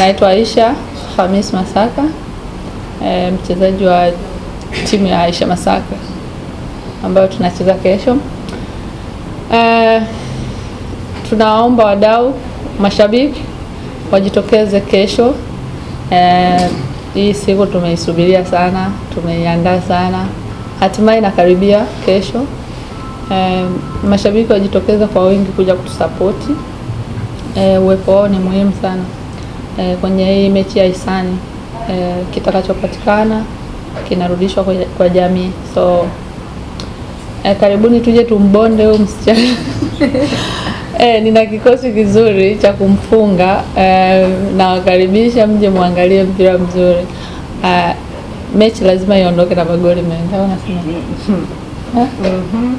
Naitwa Aisha Khamis Masaka e, mchezaji wa timu ya Aisha Masaka ambayo tunacheza kesho. E, tunaomba wadau, mashabiki wajitokeze kesho. E, hii siku tumeisubiria sana, tumeiandaa sana, hatimaye inakaribia kesho. E, mashabiki wajitokeze kwa wingi kuja kutusapoti. E, uwepo wao ni muhimu sana eh, kwenye hii mechi ya hisani eh, kitakachopatikana kinarudishwa kwa, kwa jamii so eh, karibuni tuje tumbonde huyu msichana eh, nina kikosi kizuri cha kumfunga e, nawakaribisha mje muangalie mpira mzuri eh, mechi lazima iondoke na magoli mengi au nasema eh? mhm.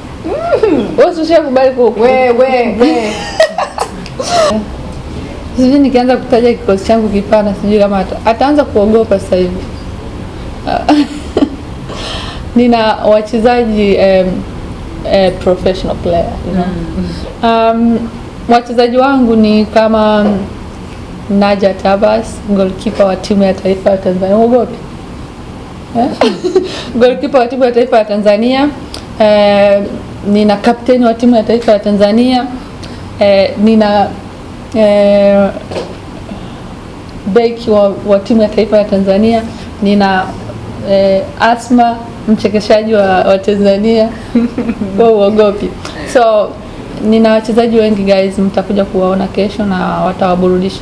wewe wewe, wewe sijui nikianza kutaja kikosi changu kipana, sijui kama ataanza kuogopa sasa hivi. Nina wachezaji um, uh, professional player you know? Mm. Um, wachezaji wangu ni kama Naja Tabas, goalkeeper wa timu ya taifa ya Tanzania. Uogopi yeah? goalkeeper wa timu ya taifa ya Tanzania. eh, nina kapteni wa timu ya taifa ya Tanzania. eh, nina eh, beki wa, wa timu ya taifa ya Tanzania, nina eh, Asma mchekeshaji wa, wa Tanzania kwa uogopi. So nina wachezaji wengi guys, mtakuja kuwaona kesho na watawaburudisha.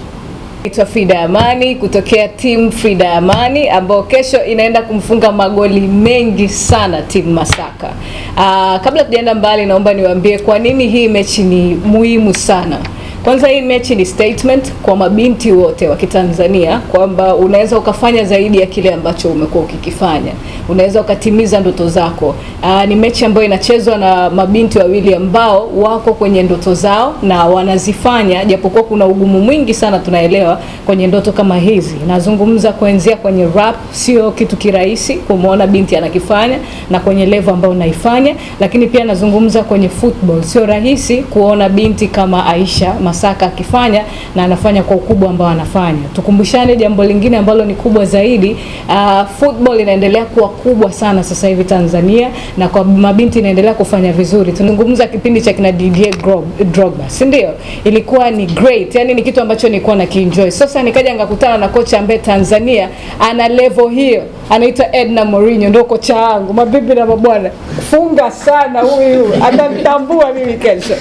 Naitwa Frida Amani kutokea timu Frida Amani ambayo kesho inaenda kumfunga magoli mengi sana timu Masaka. Aa, ah, kabla tujaenda mbali, naomba niwaambie kwa nini hii mechi ni muhimu sana. Kwanza hii mechi ni statement kwa mabinti wote wa Kitanzania kwamba unaweza ukafanya zaidi ya kile ambacho umekuwa ukikifanya, unaweza ukatimiza ndoto zako. Aa, ah, ni mechi ambayo inachezwa na mabinti wawili ambao wako kwenye ndoto zao na wanazifanya, japokuwa kuna ugumu mwingi sana tunaelewa kwenye ndoto kama hizi. Nazungumza kuanzia kwenye rap, sio kitu kirahisi kumwona binti anakifanya na kwenye level ambayo unaifanya, lakini pia nazungumza kwenye football, sio rahisi kuona binti kama Aisha Masaka akifanya na anafanya kwa ukubwa ambao anafanya. Tukumbushane jambo lingine ambalo ni kubwa zaidi, uh, football inaendelea kuwa kubwa sana sasa hivi Tanzania na kwa mabinti inaendelea kufanya vizuri. Tunazungumza kipindi cha kina Didier Drogba, si ndio? Ilikuwa ni great, yani ni kitu ambacho nilikuwa na kienjoy. Sasa nikaja ngakutana na kocha ambaye Tanzania ana level hiyo, anaitwa Edna Mourinho, ndio kocha wangu. Mabibi na mabwana, funga sana huyu, atamtambua mimi kesho.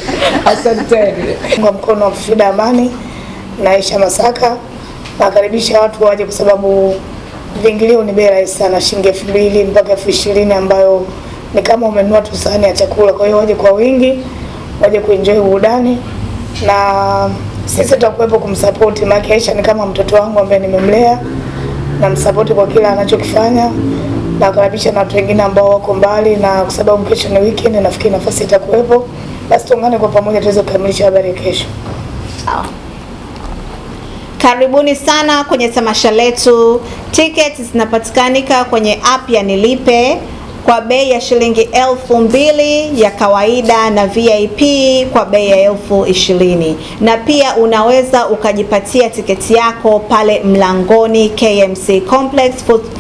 Asanteni. kwa mkono kama Frida Amani na Aisha Masaka. Nakaribisha watu waje, kwa sababu vingilio ni bei rahisi sana, shilingi elfu mbili mpaka elfu ishirini ambayo ni kama umenunua tu sahani ya chakula. Kwa hiyo waje kwa wingi, waje kuenjoy burudani, na sisi tutakuwepo kumsupport, maana Aisha ni kama mtoto wangu ambaye nimemlea na msapoti kwa kila anachokifanya. Nakaribisha na watu wengine ambao wako mbali, na kwa sababu kesho ni weekend, nafikiri nafasi itakuwepo. Basi tuungane kwa pamoja tuweze kukamilisha habari ya kesho sawa. Karibuni sana kwenye tamasha letu. Tiketi zinapatikanika kwenye app ya Nilipe kwa bei ya shilingi elfu mbili ya kawaida na VIP kwa bei ya elfu ishirini na pia unaweza ukajipatia tiketi yako pale mlangoni KMC Complex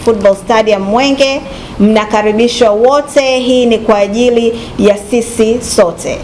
Football Stadium Mwenge. Mnakaribishwa wote, hii ni kwa ajili ya sisi sote.